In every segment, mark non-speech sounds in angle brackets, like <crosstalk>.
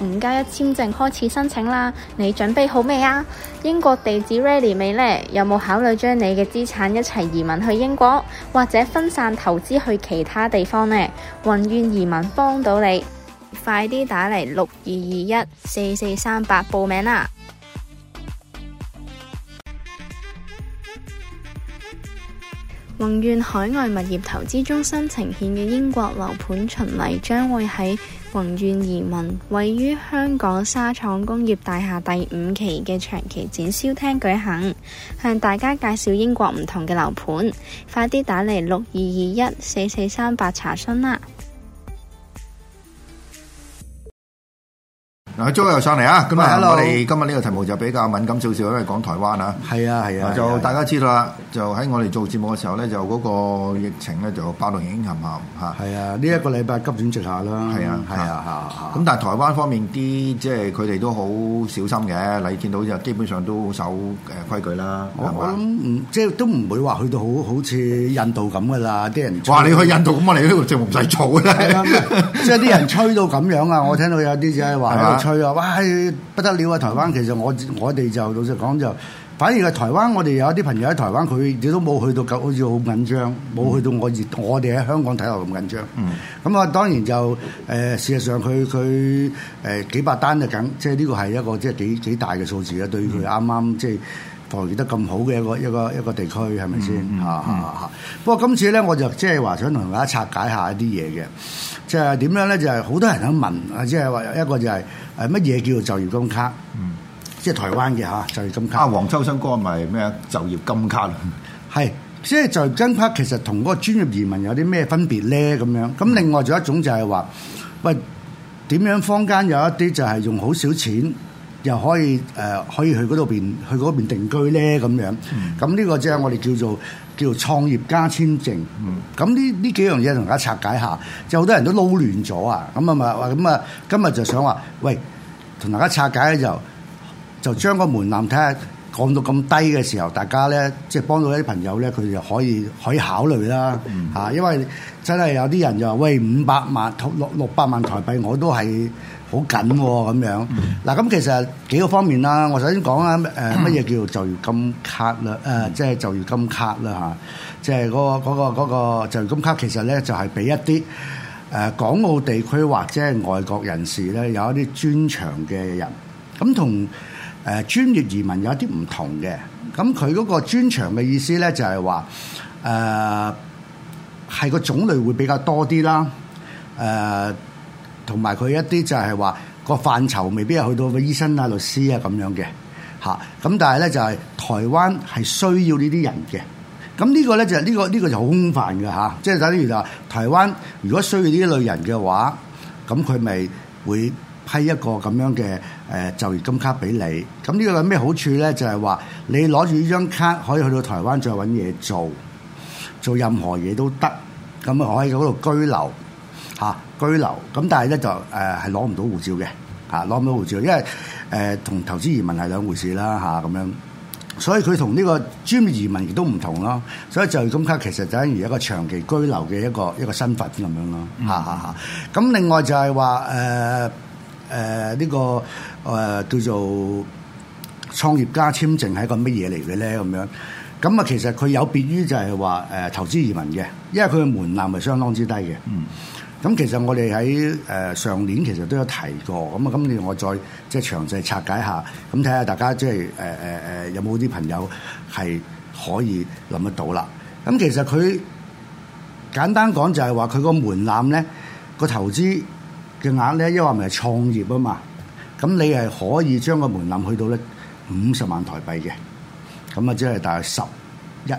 五加一簽證開始申請啦，你準備好未啊？英國地址 ready 未呢？有冇考慮將你嘅資產一齊移民去英國，或者分散投資去其他地方呢？宏願移民幫到你，快啲打嚟，六二二一四四三八報名啦！宏願海外物業投資中心呈現嘅英國樓盤巡禮將會喺。宏願移民位於香港沙廠工業大廈第五期嘅長期展銷廳舉行，向大家介紹英國唔同嘅樓盤，快啲打嚟六二二一四四三八查詢啦！嗱，Jo 又上嚟啊！咁啊，我哋今日呢個題目就比較敏感少少，因為講台灣啊。係啊，係啊。就大家知道啦，就喺我哋做節目嘅時候咧，就嗰個疫情咧就爆隆影暗暗嚇。係啊，呢一個禮拜急轉直下啦。係啊，係啊，係啊。咁但係台灣方面啲，即係佢哋都好小心嘅。你見到就基本上都守誒規矩啦。我諗即係都唔會話去到好好似印度咁㗎啦。啲人話你去印度咁啊，你呢度就唔使做啦。即係啲人吹到咁樣啊！我聽到有啲就係話。佢啊！哇，不得了啊！台灣其實我我哋就老實講就，反而係台灣，我哋有啲朋友喺台灣，佢亦都冇去到九好似好緊張，冇、嗯、去到我哋，我哋喺香港睇落咁緊張。咁啊、嗯，當然就、呃、事實上佢佢、呃、幾百單就梗，即係呢個係一個即係幾，幾大嘅數字啊！對於佢啱啱即係。培育得咁好嘅一個一個一個地區係咪先嚇？不過今次咧，我就即係話想同大家拆解一下一啲嘢嘅，即係點樣咧？就係、係、好多人喺問啊，即係話一個就係誒乜嘢叫做就業金卡？嗯、即係台灣嘅嚇就業金卡。啊，黃秋生哥咪咩啊？就業金卡，係即係就業金卡， <laughs> 就係、就業金卡其實同嗰個專業移民有啲咩分別咧？咁樣咁另外仲有一種就係話喂，點樣坊間有一啲就係用好少錢，又可以、呃、可以去嗰度去嗰邊定居咧咁樣。咁呢、嗯、個即係我哋叫做叫做創業家簽證。咁呢呢幾樣嘢同大家拆解下，就好多人都撈亂咗啊！咁啊嘛話咁啊，今日就想話，喂，同大家拆解咧就就將個門檻睇下降到咁低嘅時候，大家咧即係幫到一啲朋友咧，佢就可以可以考慮啦、嗯啊、因為真係有啲人就話，喂，五百萬、六六百萬台幣，我都係。好緊喎、啊、咁樣，嗱咁、嗯、其實幾個方面啦，我首先講下乜嘢叫做就業金卡啦，即、呃、係、就係、就業金卡啦吓，即係嗰個嗰、嗰個嗰個、就業金卡其實咧就係、係、俾一啲、呃、港澳地區或者係外國人士咧有一啲專長嘅人，咁同誒專業移民有一啲唔同嘅，咁佢嗰個專長嘅意思咧就係話係個種類會比較多啲啦，呃同埋佢一啲就係話個範疇未必係去到個醫生啊、律師啊咁樣嘅嚇，咁但係咧就係台灣係需要呢啲人嘅，咁呢個咧就係呢個呢個就好空泛嘅嚇，即係等於就話台灣如果需要呢類人嘅話，咁佢咪會批一個咁樣嘅誒就業金卡俾你，咁呢個有咩好處咧？就係話你攞住呢張卡可以去到台灣再揾嘢做，做任何嘢都得，咁啊可以喺嗰度居留嚇。居留咁，但係咧就誒係攞唔到護照嘅嚇，攞唔到護照，因為誒同、呃、投資移民係兩回事啦嚇咁樣。所以佢同呢個專業移民亦都唔同咯。所以就咁樣其實就等於一個長期居留嘅一個一個身份咁樣咯。嚇嚇嚇！咁、啊啊啊、另外就係話誒誒呢個誒、呃、叫做創業家簽證係一個乜嘢嚟嘅咧？咁樣咁啊，其實佢有別於就係話誒投資移民嘅，因為佢嘅門檻係相當之低嘅。嗯咁其實我哋喺誒上年其實都有提過，咁啊咁我再即係詳細拆解下，咁睇下大家即係誒誒誒有冇啲朋友係可以諗得到啦。咁其實佢簡單講就係話佢個門檻咧個投資嘅額咧，因為咪創業啊嘛，咁你係可以將個門檻去到咧五十萬台幣嘅，咁啊即係大概十一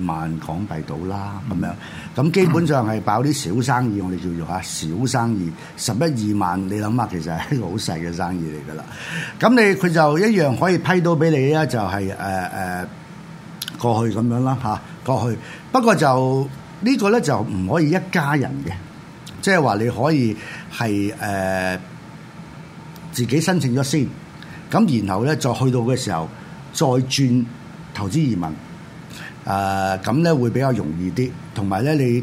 二萬港幣到啦，咁樣咁基本上係爆啲小生意，我哋叫做嚇小生意，十一二萬你諗下，其實係一個好細嘅生意嚟噶啦。咁你佢就一樣可以批到俾你，就係呃呃、啊，就係誒誒過去咁樣啦嚇過去。不過就呢、呢個咧就唔可以一家人嘅，即係話你可以係誒、呃、自己申請咗先，咁然後咧再去到嘅時候再轉投資移民。誒咁咧會比較容易啲，同埋咧你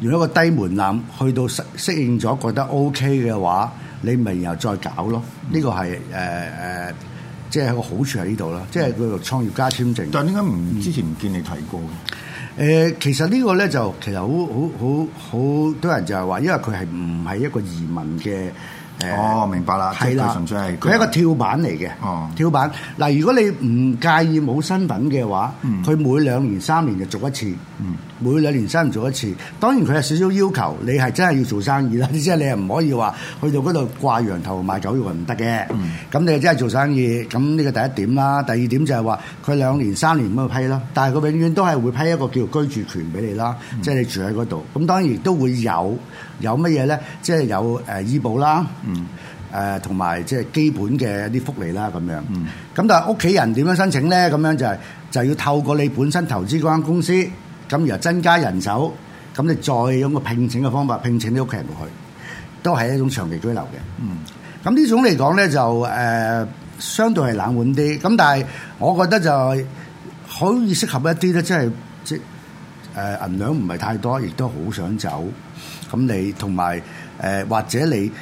用一個低門檻去到適適應咗覺得 OK 嘅話，你咪然後再搞咯。呢、嗯、個係誒即係個好處喺呢度啦。即、就、係、是、個創業家簽證但，但係點解唔之前唔見你提過？誒、嗯呃，其實個呢個咧就其實好好好好多人就係話，因為佢係唔係一個移民嘅。哦，明白啦，係啦的，純粹係佢係一個跳板嚟嘅，哦，跳板嗱，如果你唔介意冇身份嘅話，佢、嗯、每兩年三年就續一次。嗯。每兩年生做一次，當然佢有少少要求，你係真係要做生意啦。即、就、係、是、你係唔可以話去到嗰度掛羊頭賣狗肉唔得嘅。咁、嗯、你係真係做生意，咁呢個第一點啦。第二點就係話佢兩年三年咁去批咯，但係佢永遠都係會批一個叫居住權俾你啦，即係、嗯、你住喺嗰度。咁當然亦都會有有乜嘢咧？即、就、係、是、有誒、呃、醫保啦，誒同埋即係基本嘅一啲福利啦咁樣。咁、嗯、但係屋企人點樣申請咧？咁樣就係、是、就要透過你本身投資嗰間公司。咁然後增加人手，咁你再用個聘請嘅方法聘請啲屋企人落去，都係一種長期居留嘅。嗯，咁呢種嚟講咧就誒、呃、相對係冷門啲，咁但係我覺得就可以適合一啲咧，即係即誒銀兩唔係太多，亦都好想走，咁你同埋誒或者你。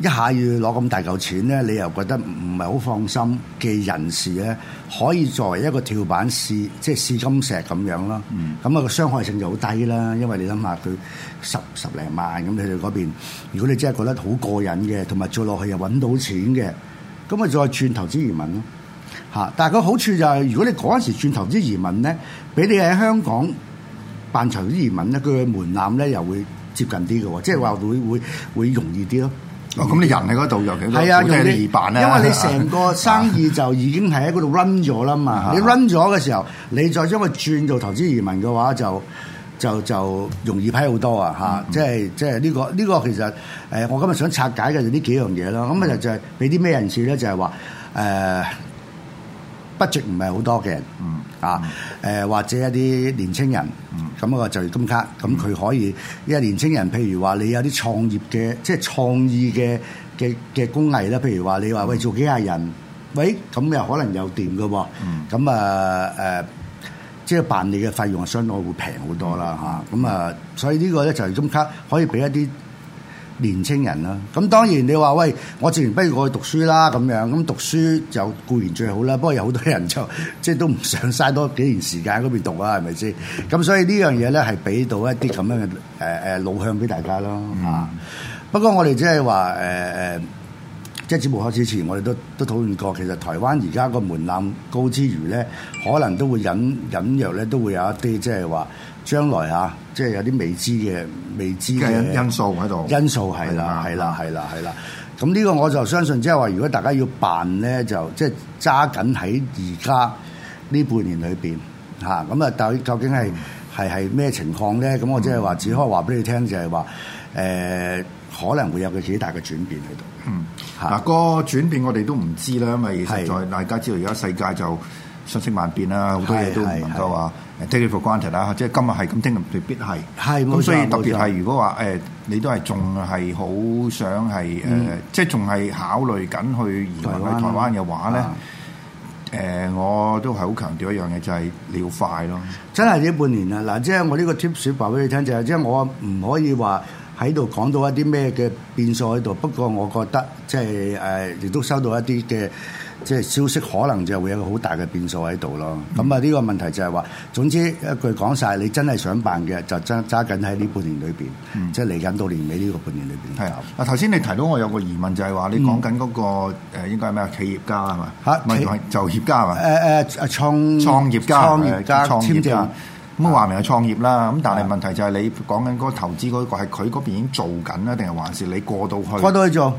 一下要攞咁大嚿錢咧，你又覺得唔唔係好放心嘅人士咧，可以作為一個跳板試，即係試金石咁樣咯。咁啊、嗯、個傷害性就好低啦，因為你諗下佢十十零萬咁，你哋嗰邊，如果你真係覺得好過癮嘅，同埋做落去又揾到錢嘅，咁啊再轉投資移民咯嚇。但係個好處就係、是，如果你嗰陣時轉投資移民咧，俾你喺香港辦投資移民咧，佢嘅門檻咧又會接近啲嘅喎，嗯、即係話會會會容易啲咯。嗯、哦，咁你人喺嗰度又幾多、啊？用啲，辦呢，因為你成個生意就已經係喺嗰度 run 咗啦嘛。啊、你 run 咗嘅時候，你再將佢轉做投資移民嘅話就，就就就容易批好多啊！吓，即係即係呢個呢、呢個其實我今日想拆解嘅就呢幾樣嘢啦，咁啊就就俾啲咩人士咧，就係話誒。呃 budget 唔係好多嘅，嗯嗯、啊，誒或者一啲年青人，咁啊、嗯、就業金卡，咁佢可以，嗯、因為年青人，譬如話你有啲創業嘅，即係創意嘅嘅嘅工藝啦，譬如話你話喂做幾廿人，喂咁又可能又掂嘅喎，咁啊誒，即係辦理嘅費用相對會平好多啦嚇，咁、嗯、啊所以呢個咧就業金卡可以俾一啲。年青人啦，咁當然你話喂，我自然不如我去讀書啦，咁樣咁讀書就固然最好啦，不過有好多人就即係都唔想嘥多，多幾年時間喺嗰邊讀啊，係咪先？咁所以呢樣嘢咧係俾到一啲咁樣嘅誒誒路向俾大家咯、嗯、不過我哋、呃、即係話誒即係節目開始前我哋都都討論過，其實台灣而家個門檻高之餘咧，可能都會隱隱約咧都會有一啲即係話。將來嚇、啊，即係有啲未知嘅未知嘅因素喺度，因素係啦，係啦，係啦的，係啦的。咁呢個我就相信，即係話如果大家要辦咧，就即係揸緊喺而家呢半年裏邊嚇。咁啊，但究竟係係係咩情況咧？咁我即係話只可以話俾你聽，就係話誒可能會有個幾大嘅轉變喺度。嗯，嗱、啊那個轉變我哋都唔知啦，因為實在的大家知道而家世界就瞬息萬變啦，好多嘢都唔能夠話。take it for granted 啦，即係今日係咁，聽日未必係。係咁所以特別係錯如果話誒，你都係仲係好想係誒，即係仲係考慮緊去移民去台灣嘅話咧，誒，啊、我都係好強調一樣嘢，就係、是、你要快咯。真係呢半年啊！嗱，即係我呢個 tips 話俾你聽就係，即係我唔可以話喺度講到一啲咩嘅變數喺度。不過我覺得即係誒，亦、就、都、是呃、收到一啲嘅。即係消息可能就會有個好大嘅變數喺度咯。咁啊，呢個問題就係話，總之一句講晒，你真係想辦嘅，就揸揸緊喺呢半年裏邊，即係嚟緊到年尾呢個半年裏邊。係啊。頭先你提到我有個疑問，就係話你講緊嗰個誒應該係咩啊？企業家係咪啊？唔係，就業家啊？誒誒誒，創，創業家、創業家、簽證。咁話明係創業啦。咁但係問題就係你講緊嗰個投資嗰個係佢嗰邊已經做緊啦，定係還是你過到去？過到去做，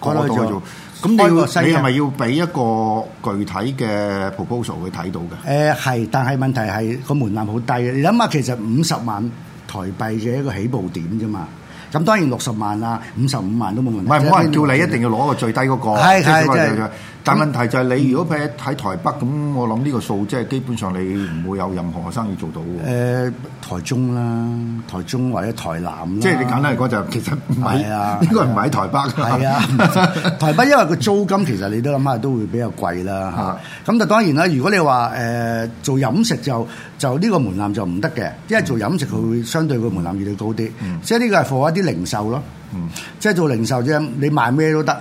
過到去做。咁你要你係咪要畀一個具體嘅 proposal 去睇到㗎？係、呃，但係問題係個門檻好低嘅。你諗下，其實五十萬台幣嘅一個起步點啫嘛。咁當然六十萬啦，五十五萬都冇問題。唔係唔可能叫你一定要攞個最低嗰、嗰個。但問題就係你如果喺喺台北咁，嗯、我諗呢個數即係基本上你唔會有任何生意做到嘅、呃。台中啦，台中或者台南。即係你簡單嚟講就其實唔係啊，應該唔係喺台北。係啊，台北因為個租金其實你都諗下都會比較貴啦嚇。咁的、啊、就當然啦，如果你話、呃、做飲食就。就呢個門檻就唔得嘅，因為做飲食佢會相對個門檻越嚟越高啲。即係呢個係貨一啲零售咯，即係做零售啫，你賣咩都得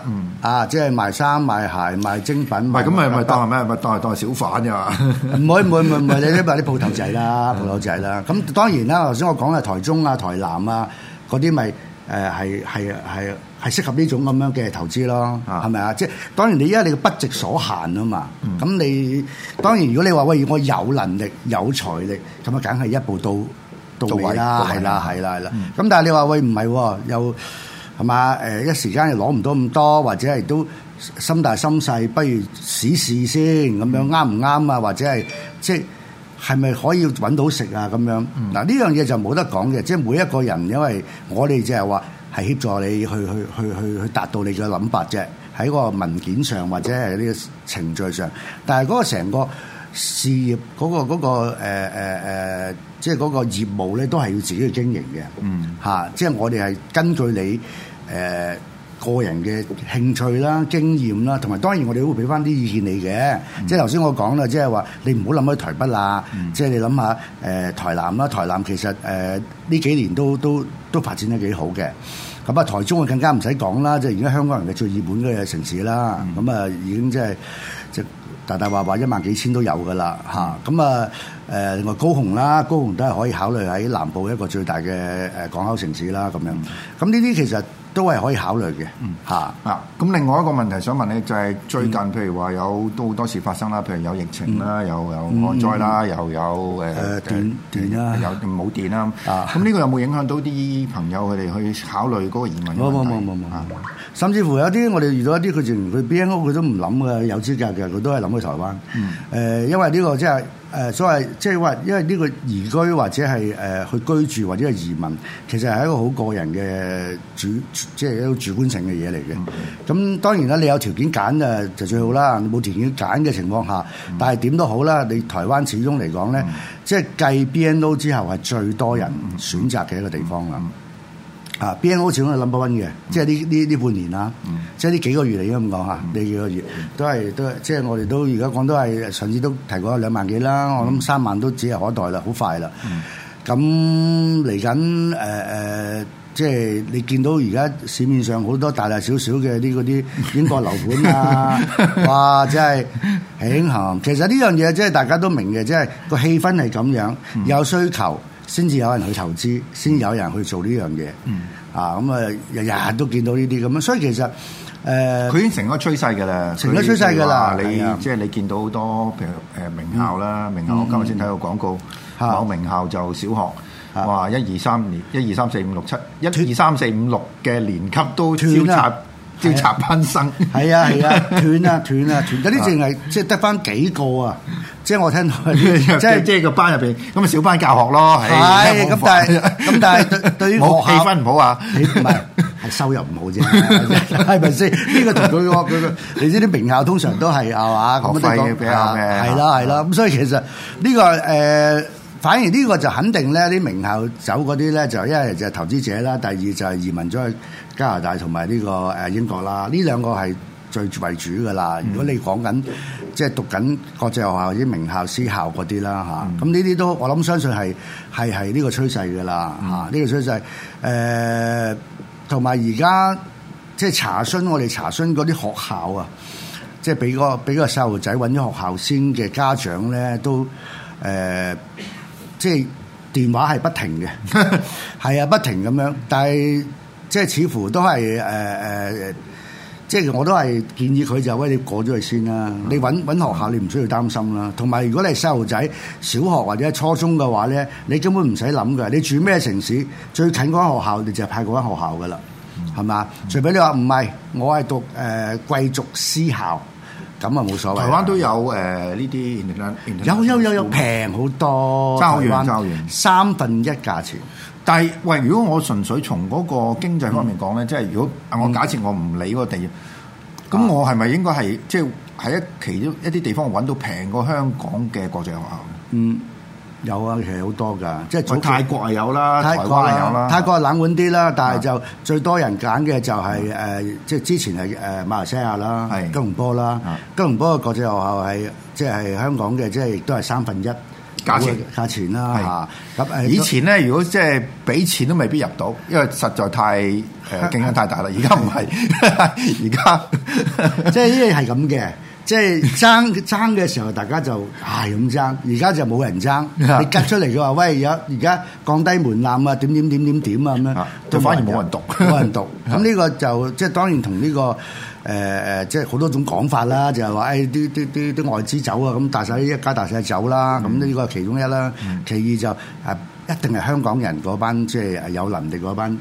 啊！即係賣衫、賣鞋、賣精品。唔係咁咪咪當係咩？咪當係當係小販啫嘛！唔可以唔可以唔可以你啲買啲鋪頭仔啦，鋪頭仔啦。咁當然啦，頭先我講係台中啊、台南啊嗰啲咪。誒係係係係適合呢種咁樣嘅投資咯，係咪啊？係即係當然你依家你嘅不值所限啊嘛，咁、嗯、你當然如果你話喂我有能力有財力，咁啊梗係一步到到位啦，係啦係啦係啦。咁、嗯、但係你話喂唔係喎，又係嘛？誒一時間又攞唔到咁多，或者係都心大心細，不如試試先咁樣啱唔啱啊？或者係即係。係咪可以揾到食啊？咁樣嗱，呢、嗯、樣嘢就冇得講嘅，即係每一個人，因為我哋即係話係協助你去去去去去達到你嘅諗法啫，喺個文件上或者係呢個程序上，但係嗰個成個事業嗰、嗰個嗰、嗰個誒、呃呃、即係嗰個業務咧，都係要自己去經營嘅。嗯，嚇，即係我哋係根據你誒。呃個人嘅興趣啦、經驗啦，同埋當然我哋都會俾翻啲意見你嘅。即係頭先我講啦，即係話你唔好諗去台北啦，即係、嗯、你諗下誒台南啦，台南其實誒呢、呃、幾年都都都發展得幾好嘅。咁啊台中啊更加唔使講啦，即係而家香港人嘅最熱門嘅城市啦。咁啊、嗯、已經即係即大大話話一萬幾千都有噶啦嚇。咁啊誒另外高雄啦，高雄都係可以考慮喺南部一個最大嘅誒港口城市啦。咁樣咁呢啲其實。都係可以考慮嘅，嚇啊！咁另外一個問題想問你，就係最近譬如話有都好多事發生啦，譬如有疫情啦，又有災啦，又有誒電電啦，有冇電啦？啊！咁呢個有冇影響到啲朋友佢哋去考慮嗰個移民嘅問題啊？甚至乎有啲我哋遇到一啲佢連佢 BNO 佢都唔諗嘅，有資格嘅佢都係諗去台灣。誒，因為呢個即係。誒，所謂即係話，因為呢個移居或者係誒去居住或者係移民，其實係一個好個人嘅主，即係一個主觀性嘅嘢嚟嘅。咁當然啦，你有條件揀誒就最好啦。冇條件揀嘅情況下，但係點都好啦。你台灣始終嚟講咧，即係繼 BNO 之後係最多人選擇嘅一個地方啦。啊，BNO 好似都係升溫嘅，嗯、即係呢呢呢半年啦，嗯、即係呢幾個月嚟嘅咁講下，呢幾個月都係都係即係我哋都而家講都係上次都提過兩萬幾啦。嗯、我諗三萬都指日可待啦，好快啦。咁嚟緊誒誒，即係你見到而家市面上好多大大小小嘅呢嗰啲英國樓盤啊，嗯、哇！真係興行。 <laughs> 其實呢樣嘢即係大家都明嘅，即係個氣氛係咁樣，有需求先至有人去投資，先有人去做呢樣嘢。嗯嗯啊，咁啊，日日都見到呢啲咁樣，所以其實誒，佢、呃、已經成個趨勢㗎啦，成個趨勢㗎啦。你即係的你見到好多譬如誒名校啦，嗯、名校我今日先睇到廣告，嗯、某名校就小學，哇、嗯，一二三年，一二三四五六七，一二三四五六嘅年級都超級。調查攀生係啊係啊斷啊斷啊斷嗰啲淨係即係得翻幾個啊即係我聽到即係即係個班入邊咁啊，小班教學咯係咁，但係咁，但係對於氣氛唔好啊，唔係係收入唔好啫，係咪先呢個對喎，佢佢你知啲名校通常都係啊嘛，學費比較嘅係啦係啦，咁所以其實呢個誒反而呢個就肯定咧，啲名校走嗰啲咧，就一係就投資者啦，第二就係移民咗去。加拿大同埋呢個誒英國啦，呢兩個係最為主噶啦。嗯、如果你講緊即係讀緊國際學校或者名校私校嗰啲啦嚇，咁呢啲都我諗相信係係係呢個趨勢噶啦嚇，呢、嗯、個趨勢誒，同埋而家即係查詢我哋查詢嗰啲學校啊，即係俾個俾個細路仔揾咗學校先嘅家長咧，都誒即係電話係不停嘅，係 <laughs> 啊不停咁樣，但係。即係似乎都係誒誒，即係我都係建議佢就喂，你過咗去先啦。你揾揾學校，你唔需要擔心啦。同埋如果你係細路仔，小學或者初中嘅話咧，你根本唔使諗噶。你住咩城市，最近嗰間學校，你就派嗰間學校噶啦，係嘛、嗯？係嘛？除非你話唔係，我係讀誒、呃、貴族私校。咁啊冇所謂，台灣都有誒呢啲有有有有平好多，爭好遠爭好遠，三分一價錢。但係喂，如果我純粹從嗰個經濟方面講咧，嗯、即係如果我假設我唔理嗰個地，咁我係咪應該係即係喺其中一啲地方揾到平過香港嘅國際學校？嗯。有啊，其實好多㗎，即係早泰國係有啦，台灣有啦。泰國係冷門啲啦，但係就最多人揀嘅就係、是、誒，即係是的 之前係誒馬來西亞啦，吉隆坡啦。吉隆坡嘅國際學校係即係香港嘅，即係亦都係三分一價錢價錢啦嚇。咁的以前咧，如果即係俾錢都未必入到，因為實在太誒競爭太大啦。而家唔係，而家 <laughs> 現在 即係呢啲係咁嘅。即係爭爭嘅時候，大家就唉咁、啊、爭。而家就冇人爭，嗯、你隔出嚟嘅話，喂，而家而家降低門檻啊，點點點點點啊咁樣，都反而冇人、啊、人讀，冇呵人讀。咁呢個就即係當然同呢、呢個誒、呃、即係好多種講法啦，就係話誒啲啲啲啲外資走啊，咁大細一家大細走啦，咁呢個係其中一啦。其二就、啊、一定係香港人嗰班，即、就、係、是、有能力嗰班。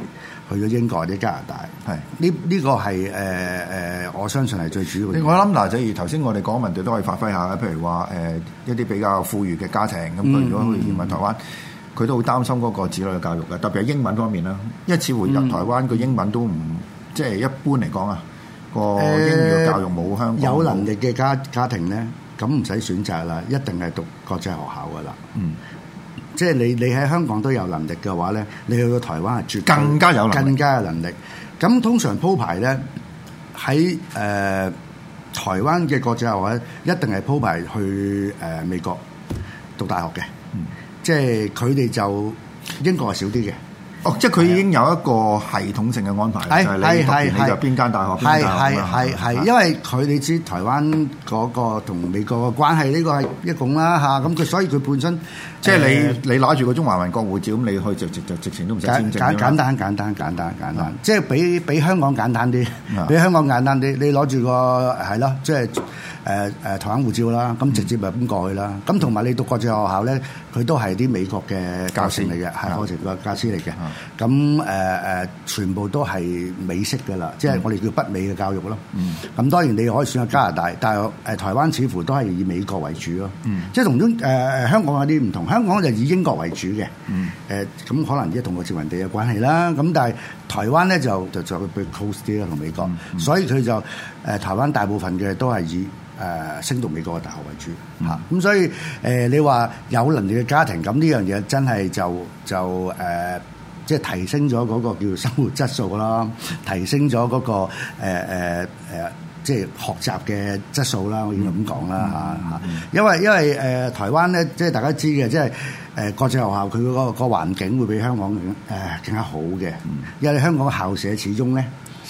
去咗英國或者加拿大，係呢呢個係誒誒，我相信係最主要嘅。我諗嗱，就如頭先我哋講問題都可以發揮下，譬如話誒、呃、一啲比較富裕嘅家庭咁，佢如果去移民台灣，佢、嗯嗯、都好擔心嗰個子女嘅教育嘅，特別係英文方面啦。因為似乎入台灣個英文都唔、嗯、即係一般嚟講啊，個英語嘅教育冇香港、呃、有能力嘅家家庭咧，咁唔使選擇啦，一定係讀國際學校嘅啦。嗯。即係你你喺香港都有能力嘅話咧，你去到台灣係絕對更加有能力，更加有能力。咁通常鋪排咧喺誒台灣嘅國際學校，一定係鋪排去誒、呃、美國讀大學嘅，嗯、即係佢哋就英國係少啲嘅。哦，即係佢已經有一個系統性嘅安排。係係係，你就邊間大學邊間啦。因為佢你知台灣嗰個同美國嘅關係呢個係一共啦吓咁佢所以佢本身即係你你攞住個中華民國護照咁，你可以就就就直情都唔使簽證簡簡簡單簡單簡單簡單，即係比比香港簡單啲，比香港簡單啲。你攞住個係咯，即係誒誒台灣護照啦，咁直接咪咁過去啦。咁同埋你讀國際學校咧，佢都係啲美國嘅教師嚟嘅，係課程個教師嚟嘅。咁、呃、全部都係美式嘅啦，嗯、即係我哋叫北美嘅教育咯。咁、嗯、當然你可以選下加拿大，但係、呃、台灣似乎都係以美國為主咯。嗯、即係同中香港有啲唔同，香港就以英國為主嘅。咁、嗯呃、可能而家同個殖民地有關係啦。咁但係台灣咧就就就會比較 close 啲啦，同美國。嗯嗯、所以佢就、呃、台灣大部分嘅都係以、呃、升讀美國嘅大學為主吓。咁、嗯、所以、呃、你話有能力嘅家庭，咁呢樣嘢真係就就、呃即係提升咗嗰個叫生活質素啦，提升咗嗰、嗰個誒誒、呃呃、即係學習嘅質素啦，可以咁講啦嚇嚇。因為因為誒台灣咧，即係大家知嘅，即係誒國際學校佢嗰個個環境會比香港誒更加好嘅。嗯、因為香港嘅校舍始終咧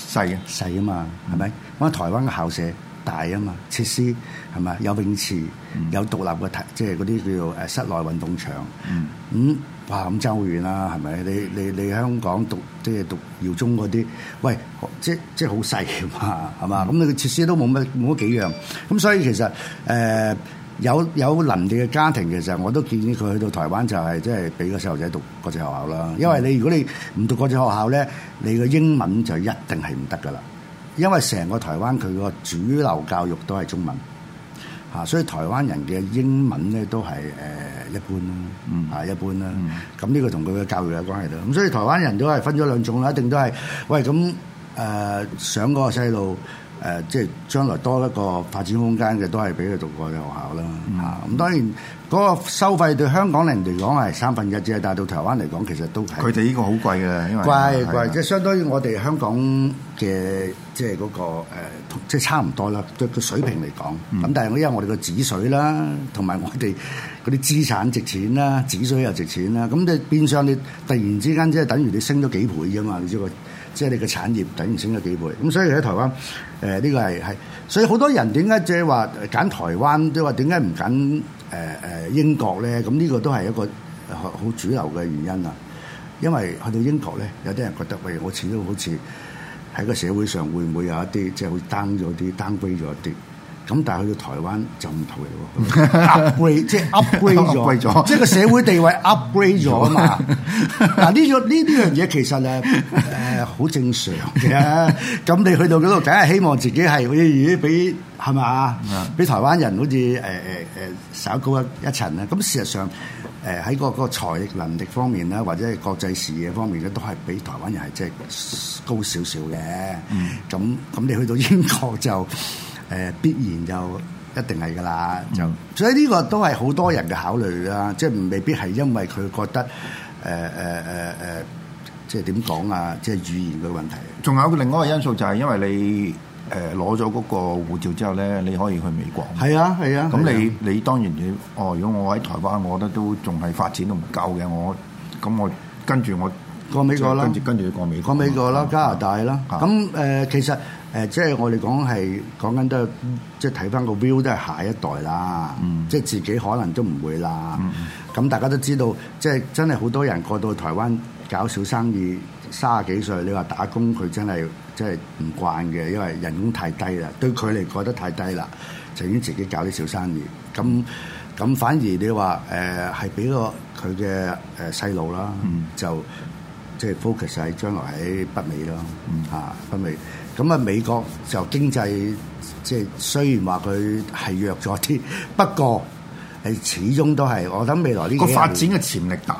細啊細啊嘛，係咪、嗯？咁台灣嘅校舍大啊嘛，設施係咪有泳池、嗯、有獨立嘅即係嗰啲叫做誒室內運動場。嗯。嗯。哇！咁周遠啦，係咪？你你你香港讀即係讀耀中嗰啲，喂，即即係好細啊嘛，係嘛？咁你個設施都冇乜冇幾樣，咁所以其實誒、呃、有有能力嘅家庭其實我都建議佢去到台灣就係、是、即係俾個細路仔讀國際學校啦，因為你如果你唔讀國際學校咧，你個英文就一定係唔得噶啦，因為成個台灣佢個主流教育都係中文。啊，所以台灣人嘅英文咧都係誒一般啦，啊一般啦。咁呢個同佢嘅教育有關係啦。咁所以台灣人都係分咗兩種啦，一定都係，喂咁誒、呃、想嗰個細路誒，即係將來多一個發展空間嘅，都係俾佢讀外國嘅學校啦。嗯、啊，咁當然。嗰個收費對香港人嚟講係三分一，只係大到台灣嚟講，其實都係佢哋呢個好貴嘅，因為貴貴的即係相當於我哋香港嘅即係、誒、嗰個即係差唔多啦。對個水平嚟講，咁、嗯、但係因為我哋個止水啦，同埋我哋嗰啲資產值錢啦，止水又值錢啦，咁你係變相你突然之間即係等於你升咗幾倍啫嘛。你知個即係你個產業等於升咗幾倍，咁所以喺台灣誒呢、呃這個係係，所以好多人點解即係話揀台灣，即係話點解唔揀？誒誒英國咧，咁呢個都係一個好主流嘅原因啦。因為去到英國咧，有啲人覺得喂，我始終好似喺個社會上會唔會有一啲即係 down 咗啲，downgrade 咗啲。咁但係去到台灣就唔同嘅 upgrade 即係是 upgrade 咗 <laughs> up， <laughs> 即係個社會地位 upgrade 咗啊 <laughs> 嘛！嗱呢呢樣嘢其實誒好、 <laughs> 呃、正常嘅、啊。咁 <laughs> 你去到嗰度，梗係希望自己係好似比係咪？比台灣人好似、呃呃、稍高一一層咧、啊。咁事實上誒喺、呃嗰個嗰個財力能力方面咧，或者係國際事業方面咧，都係比台灣人係即係高少少嘅。咁咁、嗯、你去到英國就～誒、呃、必然就一定係噶啦，就、嗯、所以呢個都係好多人嘅考慮啦、嗯呃呃，即係未必係因為佢覺得誒誒誒誒，即係點講啊？即係語言嘅問題。仲有另外一個因素就係因為你誒攞咗嗰個護照之後咧，你可以去美國。係啊，係啊。咁你、啊、你，你當然你，哦，如果我喺台灣，我覺得都仲係發展都唔夠嘅，我咁我跟住我過美國啦，跟住跟住去美國，過美國啦，加拿大啦。咁誒是、啊呃，其實。誒、呃，即係我哋講係講緊都，嗯、即係睇翻個 view 都係下一代啦。嗯、即係自己可能都唔會啦。咁、嗯、大家都知道，即係真係好多人過到台灣搞小生意，三十幾歲你話打工佢真係即係唔慣嘅，因為人工太低啦，對佢嚟講得太低啦，就已經自己搞啲小生意。咁咁反而你話係俾個佢嘅細路啦，就即係 focus 喺將來喺北美咯，啊，北美。咁啊，美國就經濟即係雖然話佢係弱咗啲，不過係始終都係我諗未來呢個發展嘅潛力大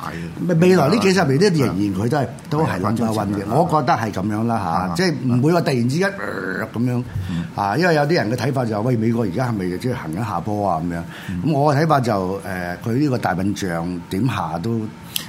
嘅。未來呢幾十年都仍然佢都係都係攞運嘅。我覺得係咁樣啦嚇，的啊、即係唔會話突然之間咁、呃、樣啊，因為有啲人嘅睇法就係、喂美國而家係咪即係行緊下坡啊咁樣？咁、嗯啊、我嘅睇法就誒、是，佢、呃、呢個大笨象點下都。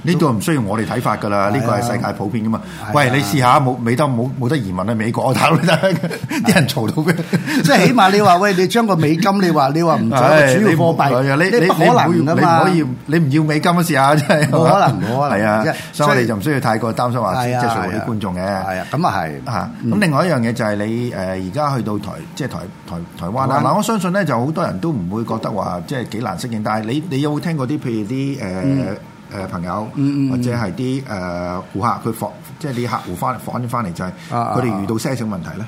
呢度唔需要我哋睇法噶啦，呢個係世界普遍噶嘛。喂你試下冇美金冇冇得移民啊？美國我睇都得嘅，啲人嘈到咩？即係起碼你話喂，你將個美金你話你話唔做個主要貨幣，呢不可能啊嘛！唔可以你唔要美金試下啊，真係冇可能冇可能啊！所以我哋就唔需要太過擔心話，即係所謂啲觀眾嘅。係啊，咁啊係嚇。咁另外一樣嘢就係你誒而家去到台即係台台台灣啊！我相信咧就好多人都唔會覺得話即係幾難適應。但係你你有冇聽過啲譬如啲誒？誒朋友，或者係啲誒顧客，佢訪即係啲客戶翻返啲翻嚟，就係佢哋遇到些少問題咧？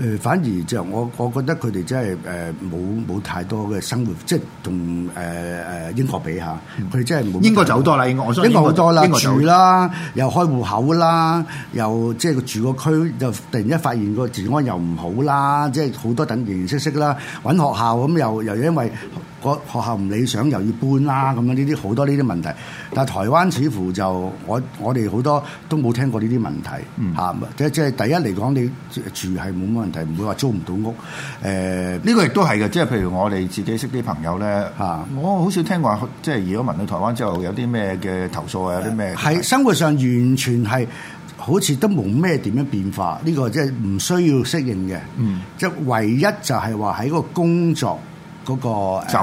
誒、呃，反而就我，我覺得佢哋真係誒冇冇太多嘅生活，即係同誒誒英國比下，佢哋真係冇。英國就好多啦，我說英國我英國多啦，多住啦了，又開戶口啦，又即係住個區，就突然間發現個治安又唔好啦，即係好多等形形式式啦，揾學校咁又又因為。個學校唔理想，又要搬啦，咁樣呢啲好多呢啲問題。但係台灣似乎就我我哋好多都冇聽過呢啲問題、嗯、即係即係第一嚟講，你住係冇乜問題，唔會話租唔到屋。呢、呃呢個亦都係嘅，即係譬如我哋自己識啲朋友咧是我好少聽過，即係如果問到台灣之後有啲咩嘅投訴啊，有啲咩係生活上，完全係好似都冇咩點樣變化。呢、呢個即係唔需要適應嘅。嗯、即係唯一就係話喺個工作。嗰、那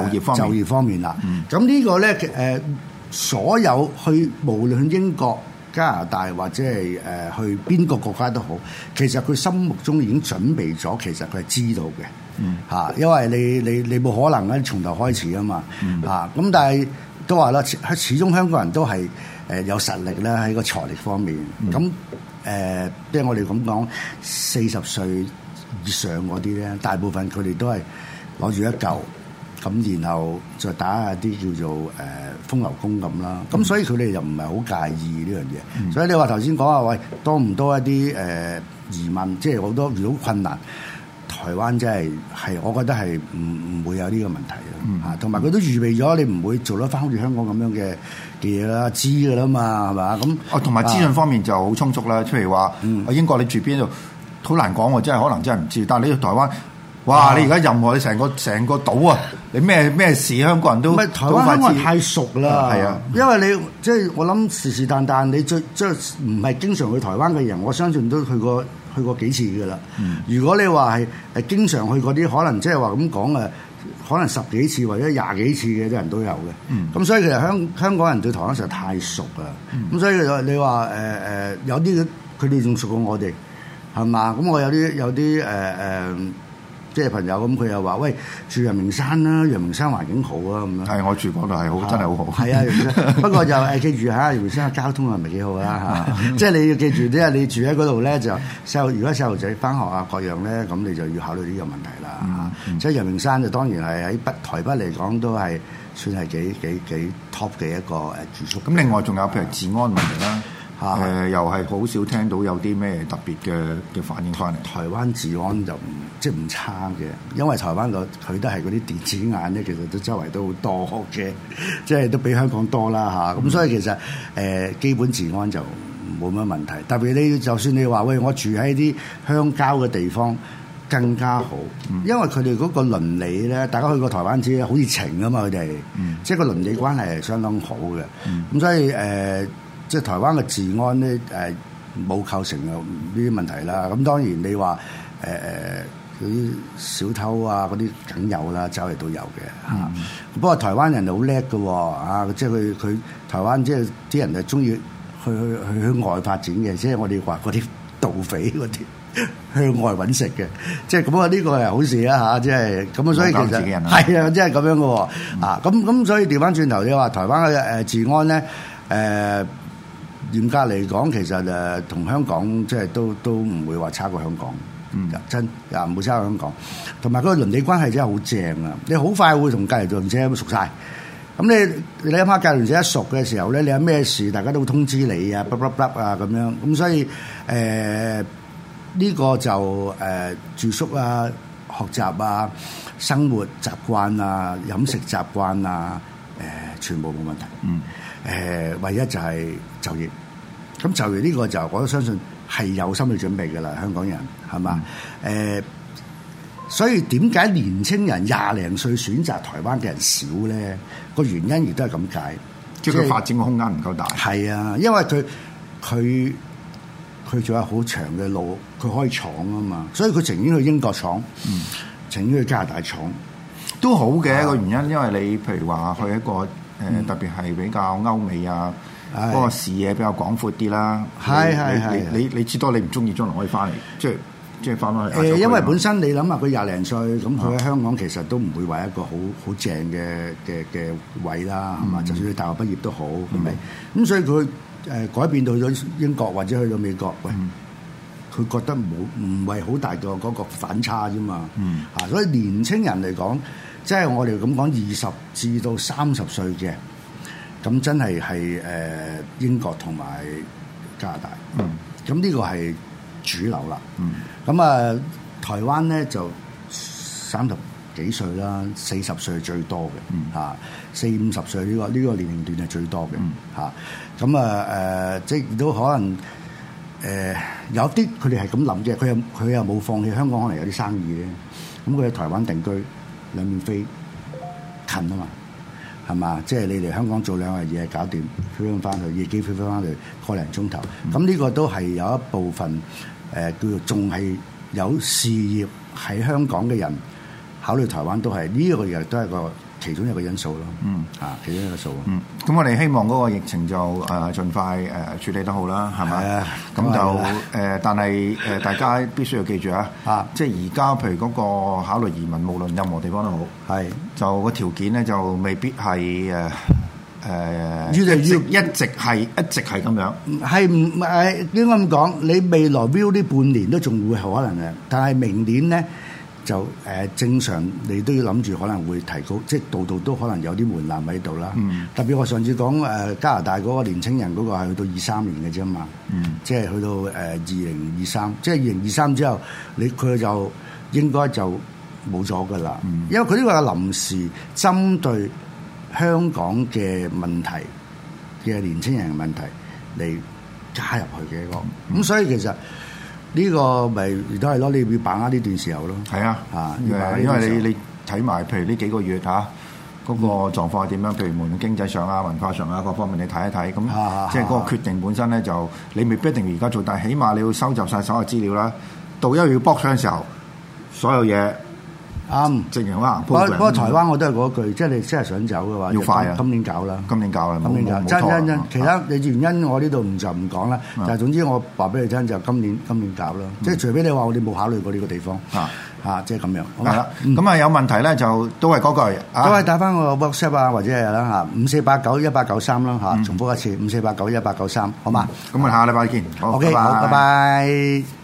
個就業方面，呃、就業方面啦。咁、嗯、呢個咧，誒、呃、所有去無論英國、加拿大或者係誒去邊個國家都好，其實佢心目中已經準備咗，其實佢係知道嘅。嚇、嗯，因為你你你冇可能咧從頭開始啊嘛。嚇、嗯，咁、啊、但係都話啦，始始終香港人都係誒有實力咧喺個財力方面。咁誒、嗯，即係、呃、我哋咁講，四十歲以上嗰啲咧，大部分佢哋都係。攞住一嚿，咁然後再打下啲叫做誒、呃、風流工咁啦，咁、嗯、所以佢哋又唔係好介意呢樣嘢，嗯、所以你話頭先講話喂多唔多一啲誒疑問，即係好多遇到困難，台灣真係係我覺得係唔唔會有呢個問題咯，嚇、嗯，同埋佢都預備咗，你唔會做得翻好似香港咁樣嘅嘅嘢啦，知噶啦嘛，係嘛？咁哦，同埋資訊方面就好充足啦，譬如話、嗯、英國你住邊度，好難講喎，真係可能真係唔知，但係你去台灣。哇！你而家任何你成個成個島啊，你咩咩事香港人都，台灣人太熟啦。係啊，因為你即係我諗時時但但你最即係唔係經常去台灣嘅人，我相信都去過去過幾次㗎啦。嗯、如果你話係係經常去嗰啲，可能即係話咁講誒，可能十幾次或者廿幾次嘅啲人都有嘅。咁、嗯、所以其實香香港人對台灣實在太熟啦，咁、嗯、所以你話誒誒有啲佢哋仲熟過我哋係嘛？咁我有啲有啲誒、呃呃即係朋友咁，佢又話：喂，住陽明山啦，陽明山環境好啊，咁樣。係，我住嗰度係好，真係好好。係啊，陽明山 <laughs> 不過就誒記住下陽明山嘅交通係咪幾好啦、啊？即係 <laughs> 你要記住啲啊，你住喺嗰度咧就細路，如果細路仔翻學啊各樣咧，咁你就要考慮呢個問題啦。嚇、嗯，所以陽明山就當然係喺北台北嚟講都係算係幾幾幾 top 嘅一個誒住宿。咁另外仲有、啊、譬如治安問題啦。誒、啊、又係好少聽到有啲咩特別嘅嘅反應翻嚟。台灣治安就唔即係唔差嘅，因為台灣佢都係嗰啲電子眼咧，其實都周圍都好多嘅，即係都比香港多啦嚇。咁、嗯、所以其實誒、呃、基本治安就冇乜問題。特別你就算你話喂，我住喺啲鄉郊嘅地方更加好，嗯、因為佢哋嗰個鄰里咧，大家去過台灣知，好熱情噶嘛佢哋，嗯、即係個鄰里關係係相當好嘅。咁、嗯、所以誒。呃即係台灣嘅治安咧，誒、冇構成呢啲問題啦。咁當然你話誒誒啲小偷啊、嗰啲梗有啦，走嚟都有嘅嚇。不過、嗯、台灣人好叻嘅喎，啊，即係佢佢台灣即係啲人啊，中意去去去向外發展嘅。即係我哋話嗰啲盜匪嗰啲向外揾食嘅，即係咁啊！呢個係好事啊嚇，即係咁啊！所以其實係啊，即係咁樣嘅喎啊。咁咁、嗯、所以調翻轉頭，你話台灣嘅誒治安咧，誒、呃。嚴格嚟講，其實誒同香港即係都都唔會話差過香港，嗯、真啊，親唔會差過香港。同埋嗰個鄰里關係真係好正啊！你好快會同隔離同咁熟晒。咁你你諗下，隔離同一熟嘅時候咧，你有咩事，大家都會通知你啊，卜卜卜啊咁樣。咁所以誒呢、呃這個就誒、呃、住宿啊、學習啊、生活習慣啊、飲食習慣啊誒、呃、全部冇問題。嗯誒、呃，唯一就係就業。咁就如呢、這個就，我都相信係有心理準備嘅啦，香港人，係嘛？誒、嗯呃，所以點解年青人廿零歲選擇台灣嘅人少咧？個原因亦都係咁解，即佢發展嘅空間唔夠大。係啊、就是，因為佢佢佢仲有好長嘅路，佢可以闖啊嘛。所以佢情願去英國闖，情願、嗯、去加拿大闖、嗯、都好嘅一、那個原因，因為你譬如話去一個誒、嗯呃，特別係比較歐美啊。嗰個視野比較廣闊啲啦，係係係，你你知多你唔中意，將來可以翻嚟，即係即係翻翻去。誒，因為本身你諗下，佢廿零歲，咁佢喺香港其實都唔會話一個好好正嘅嘅嘅位啦，係嘛、嗯？就算佢大學畢業都好，係咪？咁、嗯、所以佢誒改變到咗英國或者去到美國，喂、嗯，佢覺得冇唔係好大個嗰個反差啫嘛。啊、嗯，所以年青人嚟講，即、就、係、是、我哋咁講，二十至到三十歲嘅。咁真係係、呃、英國同埋加拿大，咁呢、嗯、個係主流啦。咁啊、嗯呃，台灣咧就三十幾歲啦，四十歲最多嘅嚇、嗯啊、四五十歲呢、呢個呢、呢個年齡段係最多嘅嚇。咁、嗯、啊、呃、即都可、呃、可能有啲佢哋係咁諗嘅，佢又佢又冇放棄香港，可能有啲生意咧。咁佢喺台灣定居，兩面飛，近啊嘛。係嘛？即係你嚟香港做兩樣嘢搞掂，飛翻、嗯、去，夜機飛翻去，個零鐘頭。咁呢個都係有一部分誒、呃，叫做仲係有事業喺香港嘅人考慮台灣都係呢一個嘢，都係個。其中一個因素咯，嗯，啊，其中一個因素，嗯，咁我哋希望嗰個疫情就誒盡快誒處理得好啦，係咪？咁、啊、就誒、啊呃，但係誒，大家必須要記住啊，啊，即係而家譬如嗰個考慮移民，無論任何地方都好，係是就嗰個條件咧，就未必係誒誒，一直一直係一直係咁樣，係唔係應該咁講？你未來 view 呢半年都仲會好可能嘅，但係明年咧。就正常，你都要諗住可能會提高，即係度度都可能有啲門檻喺度啦。嗯、特別我上次講加拿大嗰個年青人嗰個係去到二三年嘅啫嘛，即係、嗯、去到二零二三，即係二零二三之後，你佢就應該就冇咗噶啦，嗯、因為佢呢個係臨時針對香港嘅問題嘅年青人嘅問題嚟加入去嘅一個，咁、嗯嗯、所以其實。呢個咪而家係咯，你要把握呢段時候咯。係啊，啊，因為你你睇埋譬如呢幾個月嚇嗰個狀況係點樣？譬如門經濟上啊、文化上啊各方面，你睇一睇。咁、啊、即係嗰個決定本身咧，就、啊、你未必一定而家做，但係起碼你要收集晒所有資料啦。到一月要搏出嘅時候，所有嘢。啱，不過不過台灣我都係嗰句，即係你真係想走嘅話，要快啊！今年搞啦，今年搞啦，今年搞。真真真，其他你原因我呢度唔就唔講啦。但係總之我話俾你聽就今年今年搞啦，即係除非你話我哋冇考慮過呢個地方嚇嚇，即係咁樣。咁啊，咁啊，有問題咧就都係嗰句，都係打翻我個 WhatsApp 啊或者係啦嚇，五四八九一八九三啦嚇，重複一次五四八九一八九三，好嘛？咁啊，下個禮拜見。OK 拜拜。